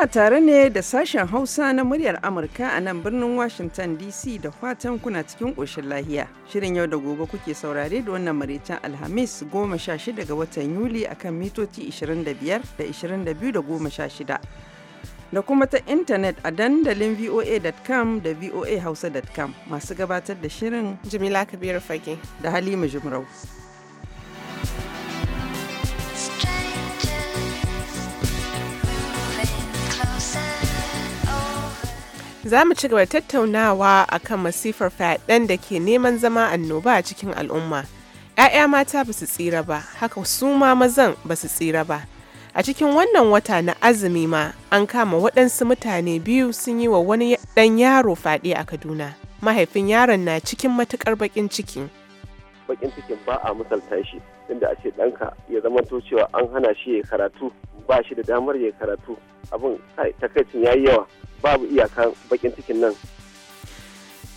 Kuna tare ne da sashen Hausa na muryar Amurka a nan birnin Washington DC da fatan kuna cikin ƙoshin lahiya. Shirin yau da gobe kuke saurare da wannan maraicin Alhamis 16 ga watan Yuli akan mitoci 25 da 22.16 da Da kuma ta intanet a dandalin voa.com da voahausa.com masu gabatar da shirin jimila Kabiru Fage da Halima Jumrau. Za mu ci gaba tattaunawa a kan masifar fyaɗen da ke neman zama annoba a cikin al'umma. 'Ya'ya mata ba su tsira ba, haka su ma mazan ba su tsira ba. A cikin wannan wata na azumi ma an kama waɗansu mutane biyu sun yi wa wani ɗan yaro fyaɗe a Kaduna. Mahaifin yaron na cikin matuƙar baƙin ciki. Baƙin cikin ba a misalta shi. din da a ce ɗanka ya to cewa an hana shi ya karatu ba shi da damar ya karatu abin takaicin ya yi yawa babu iyakan bakin cikin nan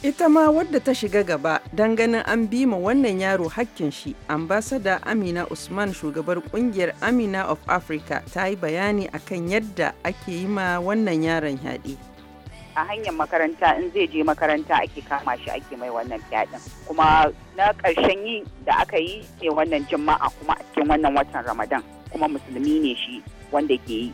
ita ma wadda ta shiga gaba don ganin an bi ma wannan yaro hakkin shi ambasada amina usman shugabar kungiyar amina of africa ta yi bayani akan yadda ake yi ma wannan yaron yaɗi. a hanyar makaranta in zai je makaranta ake kama shi ake mai wannan fyaɗin kuma na ƙarshen yi da aka yi ne wannan jima'a kuma a cikin wannan watan ramadan kuma musulmi ne shi wanda ke yi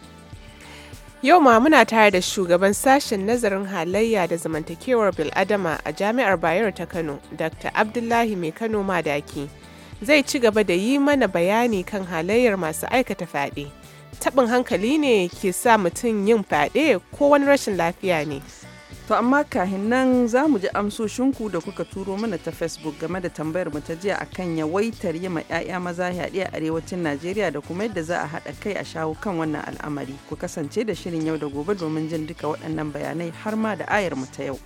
Yau ma muna tare da shugaban sashen nazarin halayya da zamantakewar bil'adama a jami'ar Bayero ta Kano, Dr. Abdullahi Mai Kano Madaki. Zai ci gaba da yi mana bayani kan halayyar masu aikata fyaɗe. taɓin hankali ne ke sa mutum yin fyaɗe ko wani rashin lafiya ne. To amma kahin nan za mu ji amsoshinku da kuka turo mana ta Facebook game da tambayar mu ta jiya akan yawaitar yi ma 'ya'ya maza fyaɗe a arewacin Najeriya da kuma yadda za a haɗa kai a shawo kan wannan al'amari. Ku kasance da shirin yau da gobe domin jin duka waɗannan bayanai har ma da ayar mu ta yau.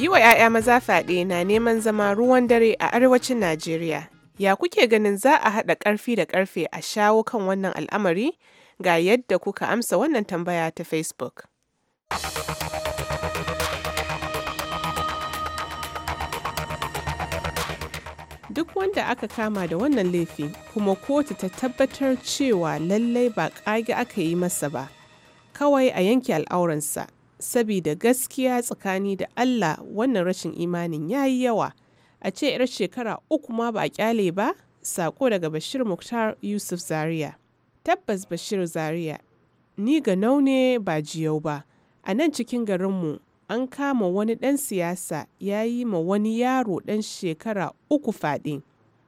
Yi wa 'ya'ya maza fyaɗe na neman zama ruwan dare a arewacin Najeriya. Ya kuke ganin za a haɗa ƙarfi da ƙarfe a shawo kan wannan al'amari? Ga yadda kuka amsa wannan tambaya ta Facebook. Duk wanda aka kama da wannan laifi kuma kotu ta tabbatar cewa lallai ba ƙage aka yi masa ba, kawai a yanke al'auransa. sabida gaskiya tsakani da Allah wannan rashin imanin ya yi yawa a ce 'yar shekara uku ma ba a kyale ba sako daga Bashir Muktar Yusuf Zaria. Tabbas Bashir Zaria, ni ga naune ba jiyau ba, a nan cikin garinmu an kama wani ɗan siyasa ya yi ma wani yaro ɗan shekara uku faɗi.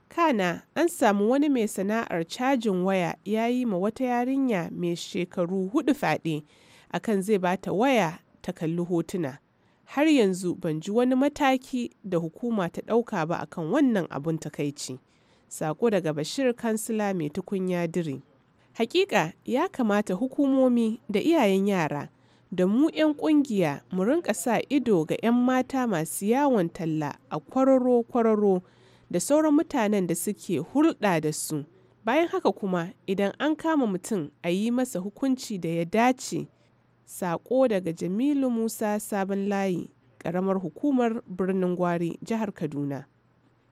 Kana an samu wani mai sana'ar cajin waya ya yi ma wata yarinya mai shekaru hudu faɗi akan zai bata waya ta kalli hotuna har yanzu ban ji wani mataki da hukuma ta ɗauka ba akan wannan abun takaici sako daga bashir kansila mai tukunya diri hakika ya kamata hukumomi da iyayen yara da mu 'yan kungiya mu rinka sa ido ga 'yan mata masu yawon talla a kwararo-kwararo da sauran mutanen da suke hulɗa da su bayan haka kuma idan an kama mutum a yi masa hukunci da ya dace Sako daga Jamilu Musa Sabon Layi, ƙaramar hukumar birnin Gwari, jihar Kaduna.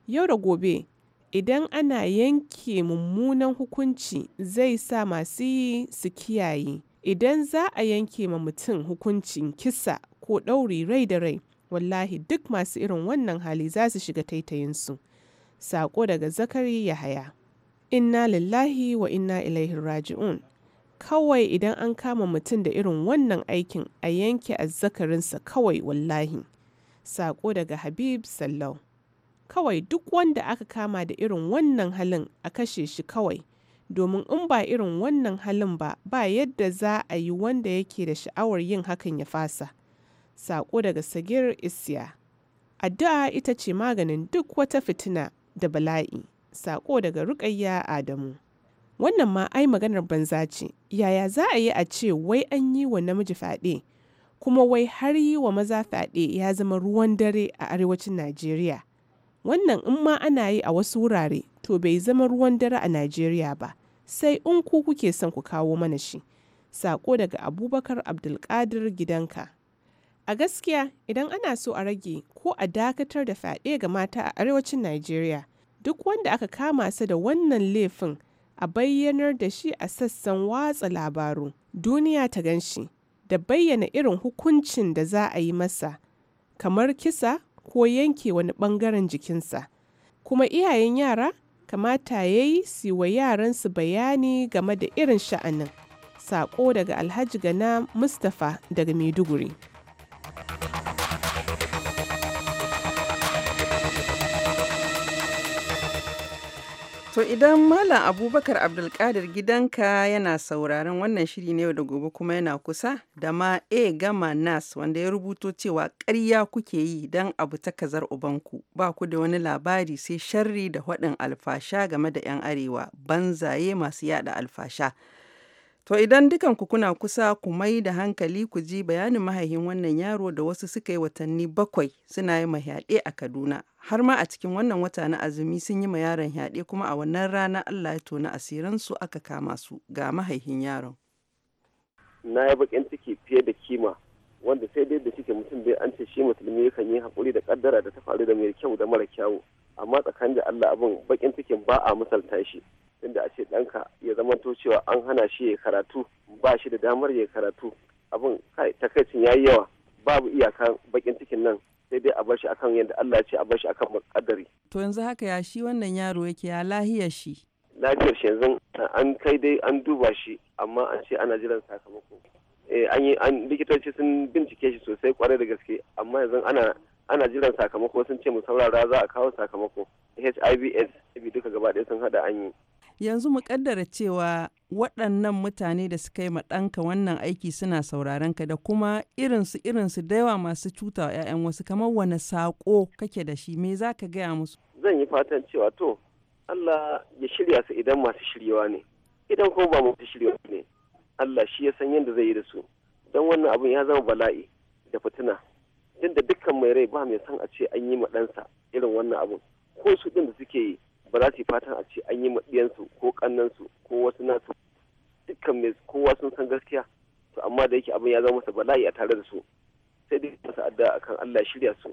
Yau da gobe, idan ana yanke mummunan hukunci zai sa masu yi su kiyaye. Idan za a yanke ma mutum hukuncin kisa ko ɗauri rai da rai, wallahi duk masu irin wannan hali za su shiga taitayinsu. Sako daga Zakari ya haya. Inna lillahi wa inna ilaihi raji'un. kawai idan an kama mutum da irin wannan aikin a yanke azzakarinsa kawai wallahi sako daga habib sallau kawai duk wanda aka kama da irin wannan halin a kashe shi kawai domin in ba irin wannan halin ba ba yadda za a yi wanda yake da sha'awar yin hakan ya fasa sako daga sagir isya addu'a ita ce maganin duk wata fitina da bala'i sako daga ruƙayya adamu wannan ma ai maganar banza ce yaya za a yi a ce wai an yi wa namiji fade? kuma wai har yi wa maza fade ya zama ruwan dare a arewacin najeriya wannan in ma ana yi a wasu wurare to bai zama ruwan dare a najeriya ba sai in ku kuke son ku kawo mana shi sako daga abubakar abdulkadir gidanka a gaskiya idan ana so a rage ko a dakatar da fade ga mata a arewacin najeriya duk wanda aka kama su da wannan laifin a bayyanar da shi a sassan watsa labaru duniya ta ganshi da bayyana irin hukuncin da za a yi masa kamar kisa ko yanke wani bangaren jikinsa kuma iyayen yara kamata ya yi siwa yaransu bayani game da irin sha'anin. Sako daga Alhaji Gana Mustapha daga Maiduguri. To idan Malam Abubakar Abdulkadir gidanka yana sauraron wannan shiri ne da gobe kuma yana kusa da ma A gama nas wanda ya rubuto cewa karya kuke yi don abu ta kazar ubanku ba ku da wani labari sai sharri da haɗin alfasha game da 'yan arewa banzaye masu yada alfasha. To idan dukanku kuna kusa ku mai da hankali ku ji bayanin mahaihin wannan yaro da wasu suka yi watanni bakwai suna yi yaɗe a Kaduna. Har ma a cikin wannan wata na azumi sun yi ma yaron yaɗe kuma a wannan rana Allah ya tona asiransu aka kama su ga mahaihin yaron. Na yi bakin ciki fiye da kima wanda sai dai da cike mutum bai an ce shi musulmi yakan yi hakuri da kaddara da ta faru da mai kyau da mara kyau amma tsakanin da Allah abin bakin cikin ba a misalta shi. inda a ce ɗanka ya zama to cewa an hana shi ya karatu ba shi da damar ya karatu abin kai takaicin yayi yawa babu iyaka bakin cikin nan sai dai a bar shi akan yadda Allah ya ce a bar shi akan makadari to yanzu haka ya shi wannan yaro yake ya lahiyar shi lafiyar shi yanzu an kai dai an duba shi amma an ce ana jiran sakamako eh, an an likitoci sun bincike shi sosai kwarai da gaske amma yanzu ana ana jiran sakamako sun ce mu saurara za a kawo sakamako hiv aids duka gaba ɗaya sun hada an yi Yanzu mu kaddara cewa waɗannan mutane da suka yi ma ɗanka wannan aiki suna sauraron ka da kuma irinsu irinsu da yawa masu cuta wa 'ya'yan wasu kamar wani saƙo kake da shi me za ka gaya musu? Zan yi fatan cewa to Allah ya shirya su idan masu shiryawa ne idan kuma ba masu shiryawa ne Allah shi ya san yadda zai yi da su don wannan abun ya zama bala'i da fitina tunda dukkan mai rai ba mai san a ce an yi ma ɗansa irin wannan abun ko su ɗin da suke yi ba za su fatan a ce an yi maɗiyansu ko ƙannansu ko wasu nasu dukkan mai kowa sun san gaskiya to amma da yake abin ya zama masa bala'i a tare da su sai dai masa addu'a akan Allah shirya su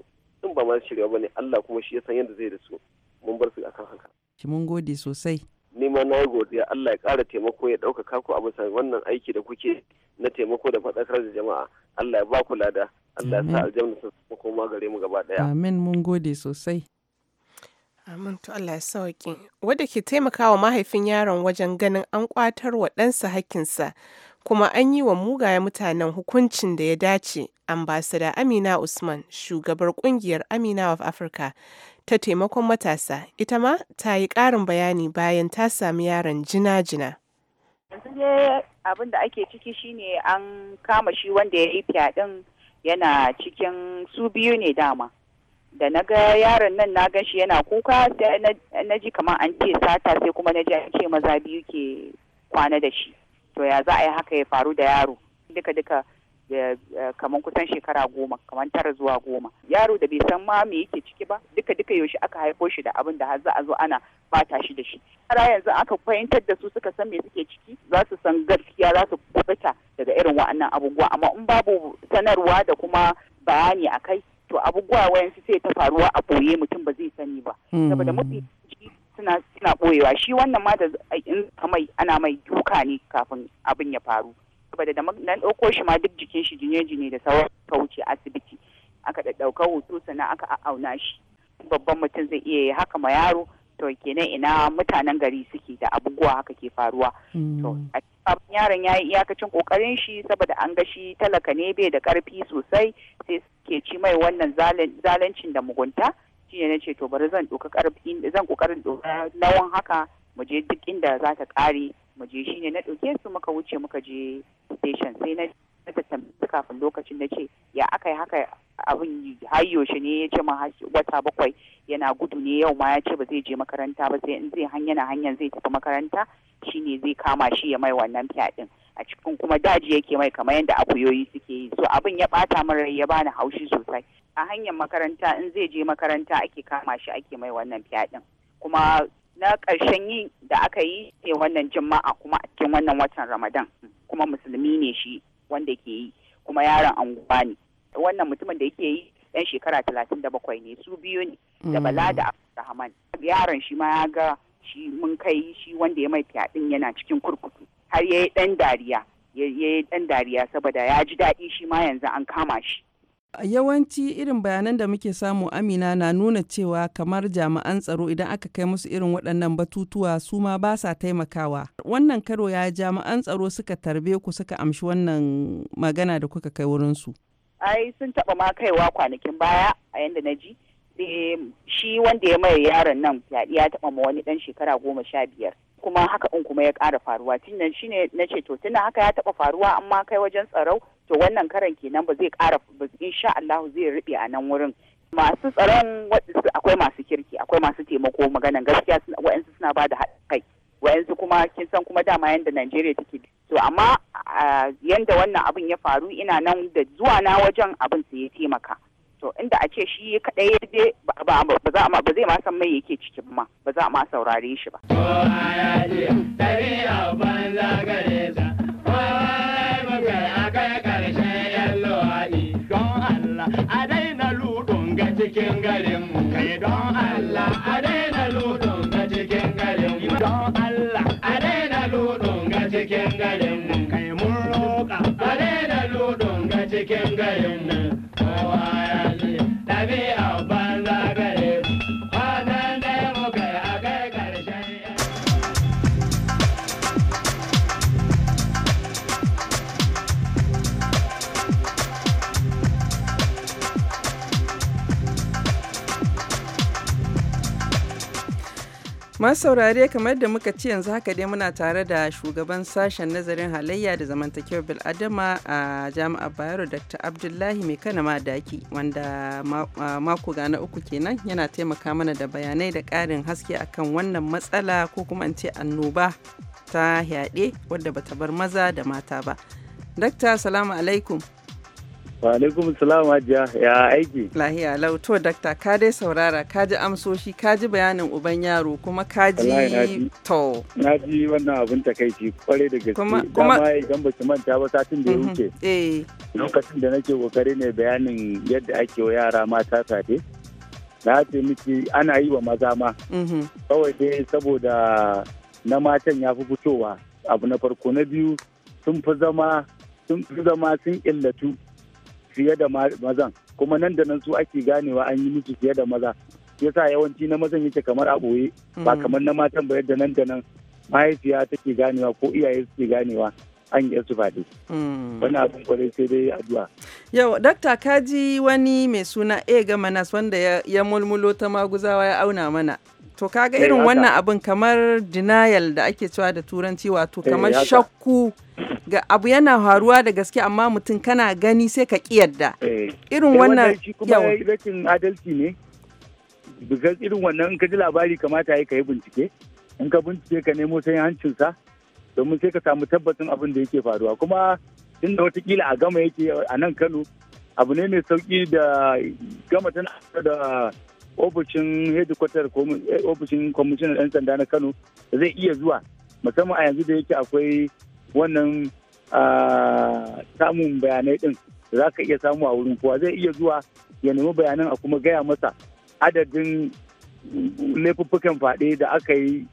in ba ma shirya bane Allah kuma shi ya san yadda zai da su mun bar su akan haka ki mun gode sosai ni ma na yi godiya Allah ya kara taimako ya ɗaukaka ku a bisa wannan aiki da kuke na taimako da faɗakar da jama'a Allah ya ba ku lada Allah ya sa aljanna su kuma gare mu gaba ɗaya amin mun gode sosai Amin to Allah ya sauƙi. Wadda ke taimakawa mahaifin yaron wajen ganin an ƙwatar wa ɗansa hakkinsa kuma an yi wa mugayen mutanen hukuncin da ya dace ambasada Amina Usman shugabar ƙungiyar Amina of Africa ta taimakon matasa ita ma ta yi ƙarin bayani bayan ta sami yaron jina-jina. Yanzu dai abin da ake ciki shine an kama shi wanda ya yi fyaɗin yana cikin su biyu ne dama. da na ga yaron nan na gan shi yana kuka sai na ji kamar an ce sata sai kuma na ji an ce maza biyu ke kwana da shi to ya za a yi haka ya faru da yaro duka duka kamar kusan shekara goma kamar tara zuwa goma yaro da bai san ma me yake ciki ba duka duka yaushe aka haifo shi da abin da har za a zo ana bata shi da shi yara yanzu aka fahimtar da su suka san me suke ciki za su san gaskiya za su kubuta daga irin wa'annan abubuwa amma in babu sanarwa da kuma bayani a kai to abu wayansu sai ta faruwa a boye mutum ba zai sani ba hmm. saboda mafi suna suna boyewa shi wannan ma da in kamai ana mai duka ne kafin abin ya faru saboda da nan ɗauko shi ma duk jikin shi jine-jine da sauran ka wuce asibiti aka ɗauka hoto sannan aka auna shi babban mutum zai iya yi haka ma yaro to kenan ina mutanen gari suke da abubuwa haka ke faruwa hmm. to abin yaron ya yi iyakacin kokarin shi saboda an ga shi talaka ne bai da karfi sosai sai ke ci mai wannan zalancin da mugunta shine na ce to bari zan doka karfi zan kokarin doka lawan haka mu je duk inda za ta ƙare mu je shine na doke su muka wuce muka je station sai na ta tambayi kafin lokacin na ce ya aka yi haka abin har yaushe ne ya ce ma wata bakwai yana gudu ne yau ma ya ce ba zai je makaranta ba sai in zai hanya na hanyar zai tafi makaranta shine zai kama shi ya mai wannan fyaɗin a cikin kuma daji yake mai kamar yadda akuyoyi suke yi so abin ya bata min rai ya bani haushi sosai a hanyar makaranta in zai je makaranta ake kama shi ake mai wannan fyaɗin kuma na ƙarshen yi da aka yi sai wannan jima'a kuma a cikin wannan watan ramadan kuma musulmi ne shi wanda ke yi kuma yaron anguwa ne wannan mutumin da yake yi yan shekara talatin da bakwai ne su biyu ne da bala da mm. abdulrahman yaron shi ma ya ga shi mun kai shi wanda ya mai fyaɗin yana cikin kurkuku har ya yi ɗan dariya ya yi ɗan dariya saboda ya ji daɗi shi ma yanzu an kama shi yawanci irin bayanan da muke samu amina na nuna cewa kamar jami'an tsaro idan aka kai musu irin waɗannan batutuwa su ma ba sa taimakawa wannan karo ya jami'an tsaro suka tarbe ku suka amshi wannan magana da kuka kai wurinsu ai sun taɓa ma kaiwa kwanakin baya a yanda na ji shi wanda ya mai yaron nan fyaɗe ya taɓa ma wani ɗan shekara goma sha biyar kuma haka in kuma ya ƙara faruwa tun nan shine na ce to tun haka ya taɓa faruwa amma kai wajen tsaro to wannan karan kenan ba zai ƙara sha Allah zai riɓe a nan wurin masu tsaron akwai masu kirki akwai masu taimako maganan gaskiya wa'ansu suna ba da kai wa'ansu kuma kin san kuma dama yanda Najeriya take to amma yadda wannan abin ya faru ina nan da zuwa na wajen abin su ya taimaka to inda a ce shi kadai ya je ba za ba zai ma san mai yake cikin ma ba za ma saurare shi ba Ko a yaji dari banza gare cikin garin kai eh, don Allah a daina ludon ga cikin garin don Allah a daina ludon ga cikin garin kai mun roƙa a daina ludon ga cikin garin Masu saurare kamar da muka ce yanzu haka dai muna tare da shugaban sashen nazarin halayya da zamantakewar bil'adama a jami'ar Bayero Dr. Abdullahi Mai Kana daki wanda mako ga uku kenan yana taimaka mana da bayanai da ƙarin haske akan wannan matsala ko kuma in ce annoba ta yaɗe wadda bata bar maza da mata ba. dr salamu alaikum. Wa alaikum salam hajiya ya aiki. Lahiya lauto dakta ka dai saurara ka ji amsoshi ka ji bayanin uban yaro kuma ka ji to. Na ji wannan abin takaici kware da gaske kuma kuma idan ba su manta ba satin da ya mhm, wuce. Eh. Lokacin da nake kokari ne bayanin yadda ake wa yara mata fade. Na ce miki ana yi wa maza ma. Mhm. Kawai dai saboda na matan ya fi fitowa abu na farko na biyu sun fi zama sun illatu fiye da mazan kuma nan da nan su ake ganewa an yi musu fiye da maza yasa yawanci na mazan yake kamar a ba mm. kamar na matan ba yadda nan da nan mahaifiya take ganewa ko iyaye suke ganewa an yi su faɗi. Mm. Wani abin kwarai sai dai addu'a. Yau, dakta kaji wani mai suna ga Manas wanda ya, mulmulo ta maguzawa ya auna mana. To kaga eh, irin wannan abin kamar denial da ake cewa da turanci wato kamar eh, shakku ga abu yana faruwa da gaske amma mutum kana gani sai ka kiyarda eh. irin wannan yawa rashin adalci ne bigas irin wannan in ka ji labari kamata ya yi bincike in ka bincike ka nemo sai hancinsa domin sai ka samu tabbacin abin da yake faruwa kuma tun da watakila a gama yake a nan kano abu ne mai sauki da gama tana da ofishin hedikwatar eh, ofishin kwamishinan ɗan sanda na kano zai iya zuwa musamman a yanzu da yake akwai wannan samun bayanai din za ka iya samu a wurin kowa zai iya zuwa ya nemi bayanan a kuma gaya masa adadin laifuffukan faɗe da aka yi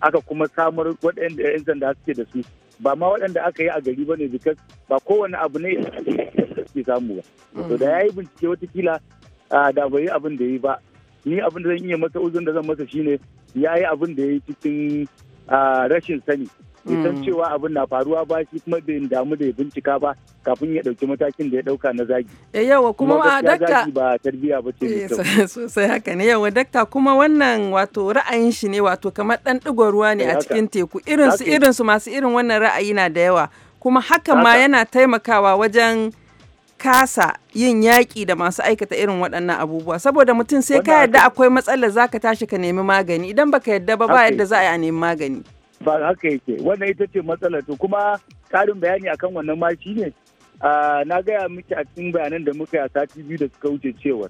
aka kuma samar waɗanda 'yan sanda suke da su ba ma waɗanda aka yi a gari ba ne bikas ba kowane abu ne ke samu ba to da ya yi bincike watakila da bai yi abin da ya yi ba ni abin da zan iya masa uzun da zan masa shine ya yi abin da ya yi cikin rashin sani ya san mm. cewa abin na faruwa ba shi kuma bai damu da ya bincika ba kafin ya ɗauki matakin da ya ɗauka na zagi. Eh, yawa kuma a dakta ba tarbiya ba ce eh, sosai haka ne yawa dakta kuma wannan wato ra'ayin shi ne wato kamar ɗan ɗigon ruwa ne eh, a cikin teku irin su irin su masu irin wannan ra'ayi na da yawa kuma hakan ma yana taimakawa wajen kasa yin yaƙi da masu aikata irin waɗannan abubuwa saboda mutum sai ka yarda akwai matsalar zaka tashi ka nemi magani idan baka yarda ba ba yadda za a nemi magani. ba haka yake wannan ita ce matsalar to kuma karin bayani akan wannan ma shi ne na gaya miki a cikin bayanan da muka yi a sati biyu da suka wuce cewa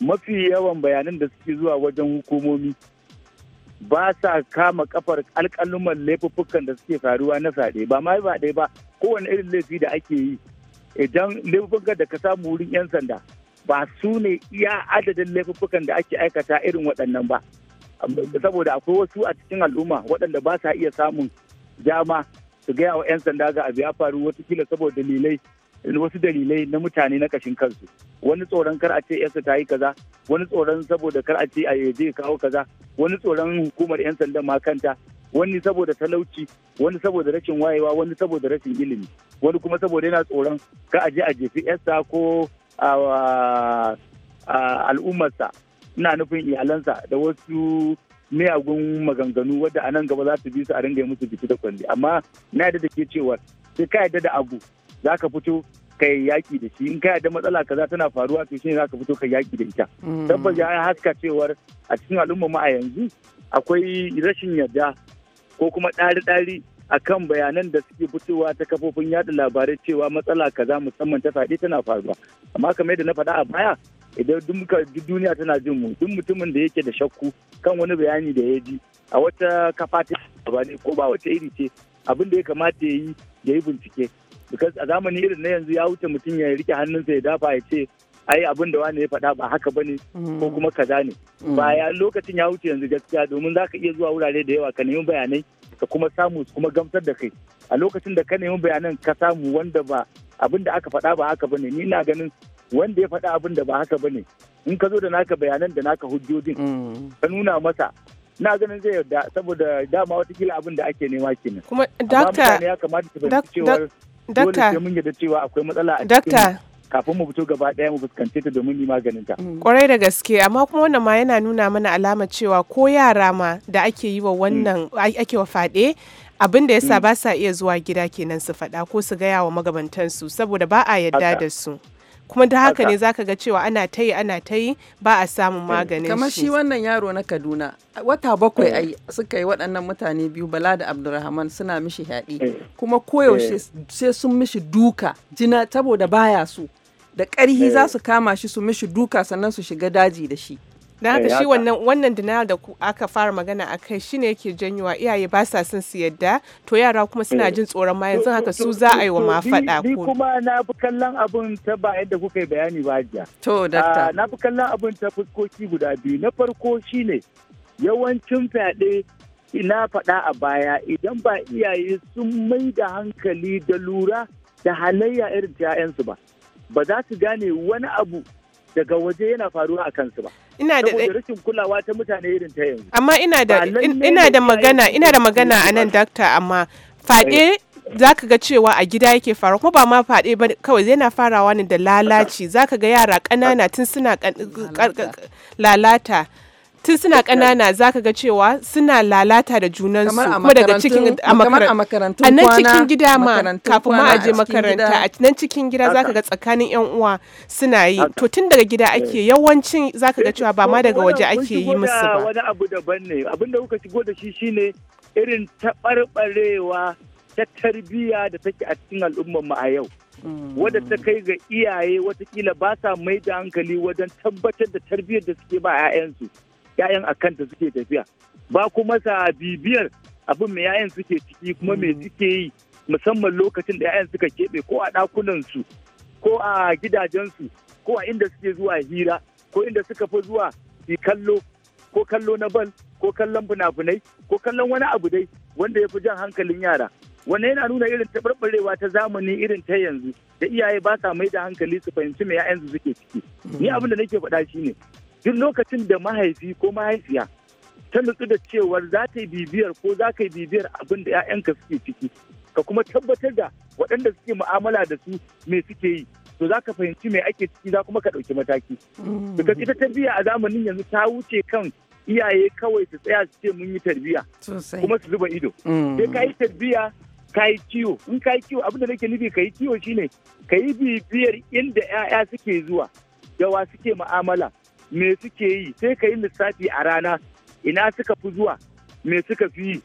mafi yawan bayanan da suke zuwa wajen hukumomi ba sa kama kafar alkaluman laifuffukan da suke faruwa na fyaɗe ba ma ba ɗaya ba kowane irin laifi da ake yi idan laifuffukan da ka samu wurin 'yan sanda ba su ne iya adadin laifuffukan da ake aikata irin waɗannan ba saboda akwai wasu a cikin al'umma waɗanda ba sa iya samun dama su gaya wa 'yan sanda ga abu ya faru kila saboda dalilai wasu dalilai na mutane na kashin kansu wani tsoron kar a ce yasa ta yi kaza wani tsoron saboda kar a ce a yaje kawo kaza wani tsoron hukumar 'yan sanda ma kanta wani saboda talauci wani saboda rashin wayewa wani saboda rashin ilimi wani kuma saboda yana tsoron ka a je a jefi yasa ko al'ummarsa ina nufin iyalansa da wasu miyagun maganganu wadda a nan gaba za su bi su a ringa musu biki da kwalli amma na yadda da ke cewa sai ka yadda da abu za ka fito ka yi yaki da shi in ka yadda matsala kaza tana faruwa to shine za ka fito ka yaki da ita mm. tabbas ya haska cewar a cikin al'umma ma a yanzu akwai rashin yadda ko kuma ɗari-ɗari A kan bayanan da suke fitowa ta kafofin yaɗa labarai cewa matsala kaza musamman ta faɗi tana faruwa amma kamar yadda na faɗa a baya idan duk duniya tana jin mu duk mutumin da yake da shakku kan wani bayani da ya ji a wata kafa ta ba ko ba wata iri ce abin da ya kamata ya yi ya yi bincike because a zamani irin na yanzu ya wuce mutum ya rike hannunsa ya dafa ya ce ai abin da wani ya faɗa ba haka bane ko mm. kuma kaza ne mm. baya lokacin ya wuce yanzu gaskiya domin zaka iya zuwa wurare da yawa ka nemi bayanai ka kuma samu kuma gamsar da kai a lokacin da ka nemi bayanan ka samu wanda ba abin da aka faɗa ba haka bane ni ina ganin wanda ya faɗa abin da ba haka ba ne in ka zo da naka bayanan da naka hujjojin mm. ka nuna masa na ganin zai yarda saboda dama watakila abin da ake nema nan kuma dakta ya kamata su fahimci cewar dole sai mun yarda cewa akwai matsala a cikin kafin mu fito gaba ɗaya mu fuskance ta domin yi maganin ta. Mm. Kwarai da gaske amma kuma wannan ma yana nuna mana alama cewa ko yara ma da ake yi wa wannan mm. ake wa faɗe abin da yasa ba sa iya zuwa gida kenan su faɗa ko su gaya wa magabantansu saboda ba a yarda da su. kuma da haka ne zaka ga cewa ana ta yi ana ta yi ba a samun maganin kamar shi wannan yaro na Kaduna wata bakwai mm. ai suka yi waɗannan mutane biyu Bala da Abdulrahman suna mishi haɗi mm. kuma koyaushe mm. sai sun mishi duka jina saboda baya su. da ƙarhi za su kama shi su mishi duka sannan su shiga daji da shi na haka eh, shi wannan wannan denial da aka fara magana a kai shine yake janyowa iyaye ba sa son su yadda to yara kuma suna eh. jin tsoron ma yanzu haka su za a yi wa ma faɗa ko ni kuma na fi kallon abun ta ba yadda kuka yi bayani ba jiya to ah, dakta na fi kallon abun ta fuskoki guda biyu na farko shine yawancin fyaɗe ina faɗa a baya idan ba iyaye sun mai da hankali da lura da halayya irin ta 'ya'yansu ba ba za su gane wani abu daga waje yana faruwa a kansu ba ina da eh, rashin kulawa ta mutane irin ta yanzu amma ina da ina da magana ina da magana a nan dakta amma fade eh. zaka ga cewa a gida yake faru kuma ba ma fade ba kawai yana farawa ne da lalaci zaka ga yara ƙanana tun suna lalata tun suna ƙanana za ka ga cewa suna lalata da junansu kuma daga cikin a makarantu a nan cikin gida ma kafin ma aje makaranta a nan cikin gida za ka ga tsakanin yan uwa suna yi to tun daga gida ake eh. yawancin za ka ga eh, cewa ba ma daga waje ake yi musu ba wani abu daban ne abin da kuka shigo da shi shine irin taɓarɓarewa ta tarbiyya da take a cikin al'ummar mu a yau mm. wadda ta kai ga iyaye watakila ba sa mai da hankali wajen tabbatar da tarbiyyar da suke ba 'ya'yansu 'ya'yan a kanta suke tafiya ba kuma sa bibiyar abin mai 'ya'yan suke ciki kuma mai mm. suke yi musamman lokacin da 'ya'yan suka keɓe ko a ɗakunansu ko a gidajensu ko a inda suke zuwa hira ko inda suka fi zuwa su kallo ko kallo na bal ko kallon funafunai ko kallon wani abu dai wanda ya fi jan hankalin yara wannan yana nuna irin taɓarɓarewa ta zamani irin ta yanzu da iyaye ba sa mai da hankali su fahimci me 'ya'yansu suke ciki ni mm. abin da nake faɗa shi ne. duk lokacin da mahaifi ko mahaifiya ta nutsu da cewar za ta yi bibiyar ko za ka yi bibiyar abin da 'ya'yanka suke ciki ka kuma tabbatar da waɗanda suke mu'amala da su me suke yi to za ka fahimci me ake ciki za kuma ka ɗauki mataki. Daga mm. ita tarbiyya a zamanin yanzu ta wuce kan iyaye kawai su tsaya su ce mun yi tarbiyya kuma su zuba ido. Mm. Sai ka yi tarbiyya ka yi kiwo in ka yi kiwo abin da nake nufi ka yi kiwo shine ka yi bibiyar inda 'ya'ya suke zuwa yawa suke mu'amala me suke yi sai ka yi lissafi a rana ina suka fi zuwa me suka fi yi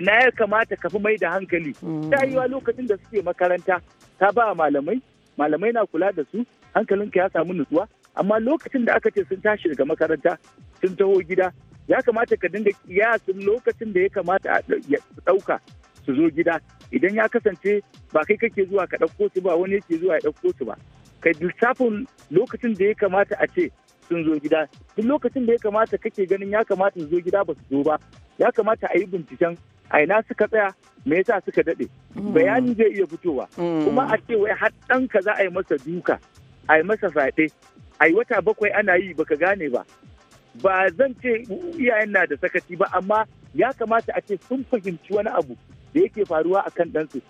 ina ya kamata ka fi mai da hankali mm. ta yiwa lokacin da suke makaranta ta ba malamai malamai na kula da su hankalin ka ya samu nutsuwa amma lokacin da aka ce sun tashi daga makaranta sun taho gida ya kamata ka dinga sun lokacin da ya kamata a ɗauka su zo gida idan ya kasance ba kai kake zuwa ka ɗauko su ba wani yake zuwa ya ɗauko su ba kai lissafin lokacin da ya kamata a ce sun zo gida duk lokacin da ya kamata kake ganin ya kamata zo gida ba su zo ba ya kamata a yi binciken aina suka tsaya me yasa suka daɗe mm. bayani zai iya fitowa mm. kuma a ce wai har ka za a yi masa duka a yi masa fyaɗe a yi wata bakwai ana yi baka gane ba ba zan ce iyayen na da sakaci ba amma ya kamata a ce sun fahimci wani abu da yake faruwa a kan ɗansu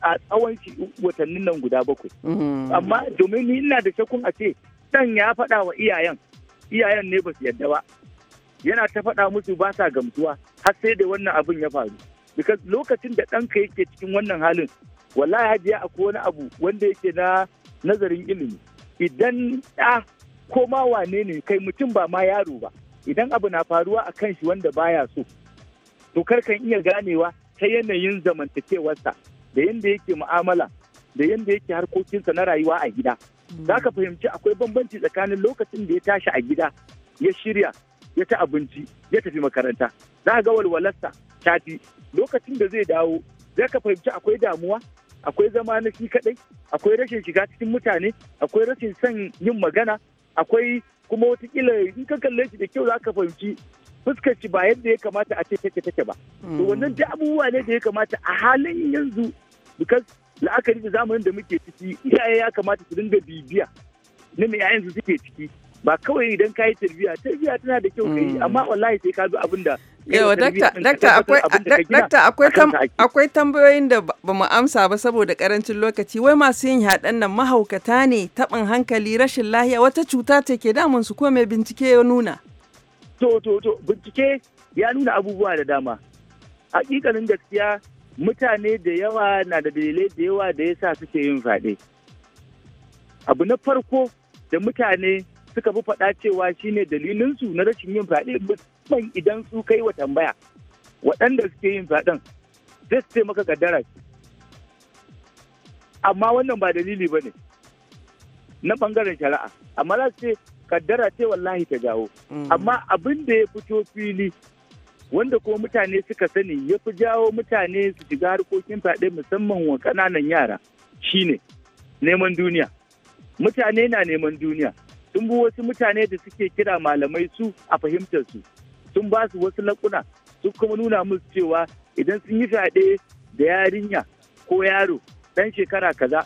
a tsawon watannin nan guda bakwai mm. amma domin ni ina da shakkun a ce dan ya faɗa wa iyayen iyayen ne ba su yadda ba yana ta faɗa musu ba sa gamsuwa har sai da wannan abin ya faru because lokacin da ɗanka yake cikin wannan halin wallahi hajiya akwai wani abu wanda yake na nazarin ilimi idan ɗa ko ma wane ne kai mutum ba ma yaro ba idan abu na faruwa a kan shi wanda baya so to kan iya ganewa ta yanayin zamantakewarsa da yanda yake mu'amala da yadda yake harkokinsa na rayuwa a gida za ka fahimci akwai bambanci tsakanin lokacin da ya tashi a gida ya shirya ya ta abinci ya tafi makaranta za ga walwalarsa tafi lokacin da zai dawo za ka fahimci akwai damuwa akwai zama na shi kadai akwai rashin shiga cikin mutane akwai rashin son yin magana akwai kuma watakila in ka kalle shi da kyau za ka fahimci fuskar shi ba yadda ya kamata a ce take take ba to mm. wannan duk abubuwa ne da ya kamata a halin yanzu because la'akari da zamanin da muke ciki iyaye ya kamata su dinga bibiya na me yayan su suke ciki ba kawai idan ka yi tarbiyya tarbiyya tana da kyau kai mm. amma wallahi sai ka zo abin da yawa dakta akwai tambayoyin da ba mu amsa ba saboda karancin lokaci wai masu yin haɗan nan mahaukata ne taɓin hankali rashin lahiya wata cuta ce ke damun su ko mai bincike ya nuna to to to bincike ya nuna abubuwa da dama hakikanin gaskiya mutane da yawa na da dalilai da yawa da ya sa suke yin fyaɗe abu na farko da mutane suka fi faɗa cewa shine dalilinsu na rashin yin fyaɗe musamman idan su kai wa tambaya waɗanda suke yin fyaɗen zai su ce maka kaddara amma wannan ba dalili ba ne na ɓangaren shari'a amma za su ce kaddara ce wallahi ta jawo mm. amma abin da ya fito fili wanda kuma mutane suka sani ya fi jawo mutane su shiga harkokin fyaɗe musamman wa ƙananan yara shine neman duniya mutane na neman duniya sun bi wasu mutane da suke kira malamai su a fahimtar su sun ba su wasu lakuna su kuma nuna musu cewa idan sun yi fyaɗe da yarinya ko yaro ɗan shekara kaza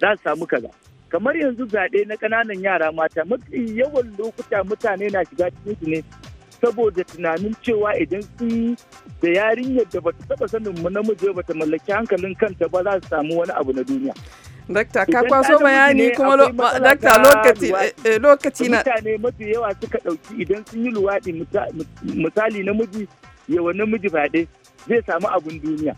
za su samu kaza kamar yanzu fyaɗe na ƙananan yara mata mafi yawan lokuta mutane na shiga cikin su ne saboda tunanin cewa idan sun da yarinyar da bata taba sanin mu namiji bata mallaki hankalin kanta ba za su samu wani abu na duniya Dakta, ka kwaso bayani kuma dakta eh, eh, lokaci na... Mutane mafi yawa suka ɗauki idan sun yi luwaɗi misali namiji yawa namiji fade zai samu abun duniya.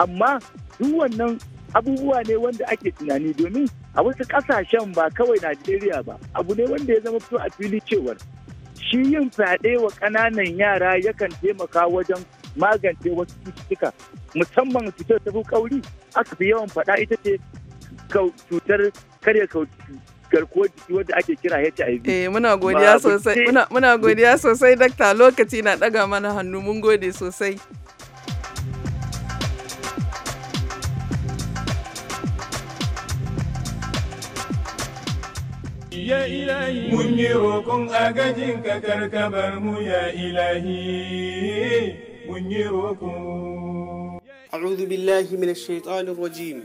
Amma duk wannan abubuwa ne wanda ake tunani domin a wasu ƙasashen ba kawai Najeriya ba abu ne wanda ya zama fito a fili cewar shi yin fyaɗe wa ƙananan yara yakan taimaka wajen magance wasu cututtuka musamman cutar ta fi kauri aka fi yawan faɗa ita ce cutar karya garkuwar jiki wadda ake kira HIV. Eh muna godiya muna godiya sosai dakta lokaci na ɗaga mana hannu mun gode sosai. أعوذ بالله من الشيطان الرجيم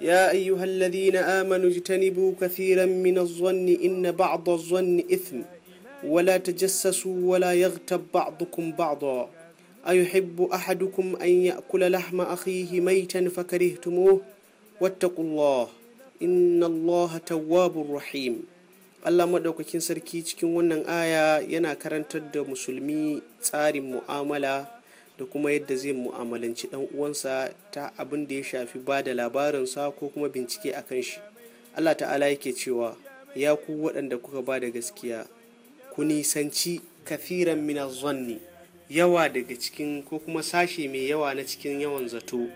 يا أيها الذين آمنوا اجتنبوا كثيرا من الظن إن بعض الظن إثم ولا تجسسوا ولا يغتب بعضكم بعضا أيحب أحدكم أن يأكل لحم أخيه ميتا فكرهتموه واتقوا الله inna allaha tawwabur rahim Allah maɗaukakin sarki cikin wannan aya yana karantar da musulmi tsarin mu'amala da kuma yadda zai mu'amalanci ɗan uwansa ta abin da ya shafi ba da labarinsa ko kuma bincike a kan shi Allah ta'ala yake cewa ya ku waɗanda kuka ba da gaskiya ku nisanci kafiran mina zanni yawa daga cikin ko kuma sashe mai yawa na cikin yawan zato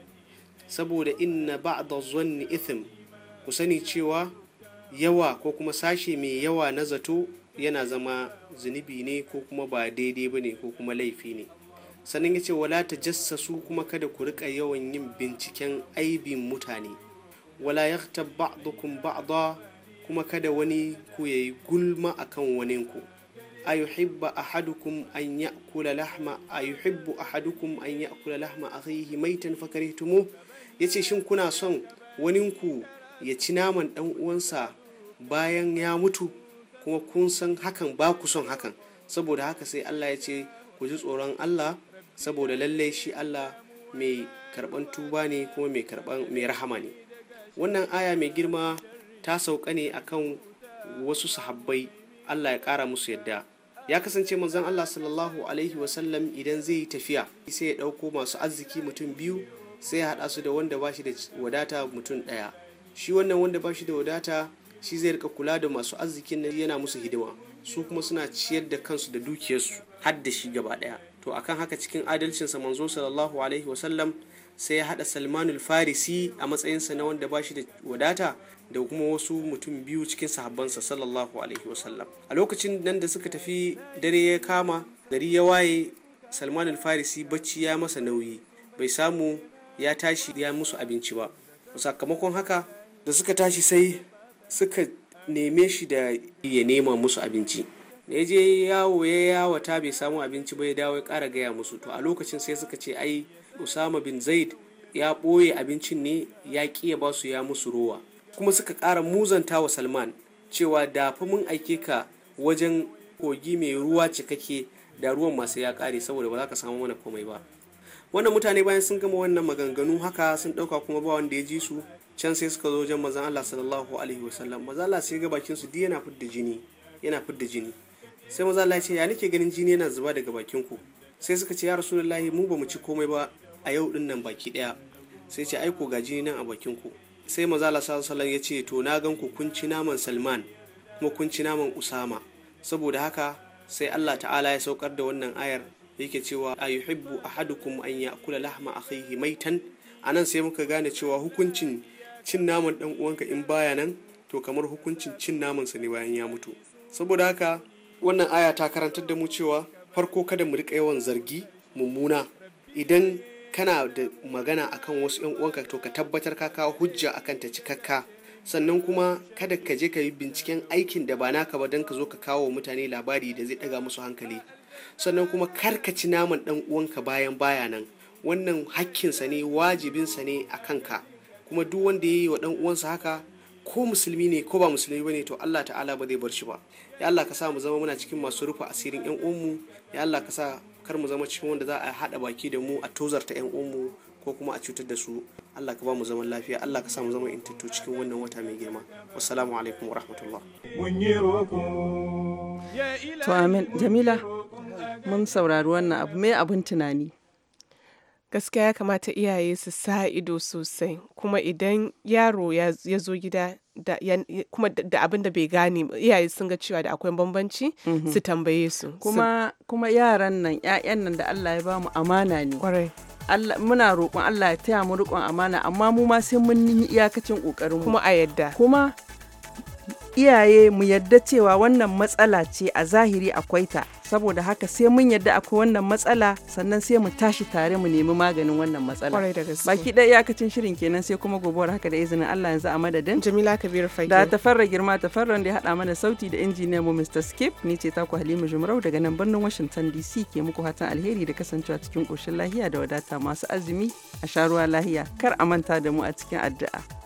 saboda inna ba'da zanni ithim ku sani cewa yawa ko kuma sashe mai yawa na zato yana zama zunubi ne ko kuma ba daidai ba ne ko kuma laifi ne sannan ya ce wala ta jassasu kuma kada ku rika yawan yin binciken aibin mutane wala ya ta ba'dukum ba'da kuma kada wani ku yayi gulma akan waninku ayuhibba ahadukum an ya'kula lahma ayuhibbu ahadukum an ya'kula lahma akhihi maitan fakarihtumu yace shin kuna son wani ku. ya ci naman ɗan uwansa bayan ya mutu kuma kun san hakan ba ku son hakan saboda haka sai Allah ya ce ku ji tsoron Allah saboda lallai shi Allah mai karban tuba ne kuma mai karban mai rahama ne wannan aya mai girma ta sauka ne akan wasu sahabbai Allah ya kara musu yadda ya kasance manzon Allah sallallahu alaihi wasallam idan zai yi tafiya sai ya dauko masu arziki mutum biyu sai ya hada su da wanda ba shi da wadata mutum daya. shi wannan wanda ba shi da wadata shi zai rika kula da masu arzikin nan yana musu hidima su kuma suna ciyar da kansu da dukiyarsu har da shi gaba daya to akan haka cikin adalcin sa manzo sallallahu alaihi wasallam sai ya hada salmanul farisi a matsayinsa na wanda ba shi da wadata da kuma wasu mutum biyu cikin sahabbansa sallallahu alaihi wasallam a lokacin nan da suka tafi dare ya kama gari ya waye salmanul farisi bacci ya masa nauyi bai samu ya tashi ya musu abinci ba sakamakon haka da suka tashi sai suka neme shi da ya nema musu abinci da ya je yawo ya yawata bai samu abinci bai dawo ya kara gaya musu to a lokacin sai suka ce ai usama bin zaid ya ɓoye abincin ne ya ƙi ya basu ya musu ruwa? kuma suka ƙara muzanta wa salman cewa da fa mun aike ka wajen kogi mai ruwa cikakke da ruwan masu ya ƙare saboda ba za ka samu mana komai ba wannan mutane bayan sun gama wannan maganganu haka sun ɗauka kuma ba wanda ya ji su can sai suka zo wajen manzon Allah sallallahu alaihi wasallam manzon Allah sai ga bakin su yana fidda jini yana fidda jini sai manzon Allah ya ce ya nake ganin jini yana zuba daga bakin ku sai suka ce ya rasulullahi mu bamu ci komai ba a yau din nan baki daya sai ce aiko ga jini nan a bakin ku sai manzon Allah sallallahu alaihi wasallam ya ce to na gan ku kun ci naman Salman kuma kun ci naman Usama saboda haka sai Allah ta'ala ya saukar da wannan ayar yake cewa a yuhibbu ahadukum an ya'kula lahma akhihi maitan anan sai muka gane cewa hukuncin cin naman dan uwanka in baya nan to kamar hukuncin cin namansa ne bayan ya mutu saboda haka wannan aya ta karantar da mu cewa farko kada mu rika yawan zargi mummuna idan kana da magana akan wasu yan uwanka to ka tabbatar ka kawo hujja akan ta cikakka sannan kuma kada ka je ka yi binciken aikin da ba naka ba don ka zo ka kawo wa mutane labari da zai daga musu hankali sannan kuma kar ka ci naman dan uwanka bayan baya nan wannan hakkinsa ne wajibinsa ne a kanka kuma duk wanda ya yi wa dan uwansa haka ko musulmi ne ko ba musulmi bane to Allah ta'ala ba zai bar shi ba ya Allah ka sa mu zama muna cikin masu rufa asirin yan uwanmu ya Allah ka sa kar mu zama cikin wanda za a haɗa baki da mu a tozarta yan uwanmu ko kuma a cutar da su Allah ka ba mu zaman lafiya Allah ka sa mu zama intattu cikin wannan wata mai girma wassalamu alaikum warahmatullah to amin jamila mun saurari wannan abu mai abin tunani gaskiya ya kamata iyaye su sa ido sosai kuma idan yaro ya zo gida da, kuma da abin da bai gane iyaye sun ga cewa da akwai bambanci mhm. su tambaye su kuma yaran nan 'ya'yan nan da Allah ya bamu amana ne Allah muna roƙon Allah ya taya mu riƙon amana amma mu ma sai mun yi iyakacin ƙoƙarin kuma a yadda kuma iyaye mu yadda cewa wannan matsala ce a zahiri akwai ta saboda haka sai mun yadda akwai wannan matsala sannan sai mu tashi tare mu nemi maganin wannan matsala baki ɗaya yakacin shirin kenan sai kuma gobuwar haka da izinin Allah yanzu a madadin Jamila Kabir Fage da tafarra girma tafarran da ya mana sauti da injiniyan mu Mr Skip ni ce ta ku Halima Jumrau daga nan birnin Washington DC ke muku hatan alheri da kasancewa cikin koshin lahiya da wadata masu azumi a sharuwa ruwa lahiya kar a manta da mu a cikin addu'a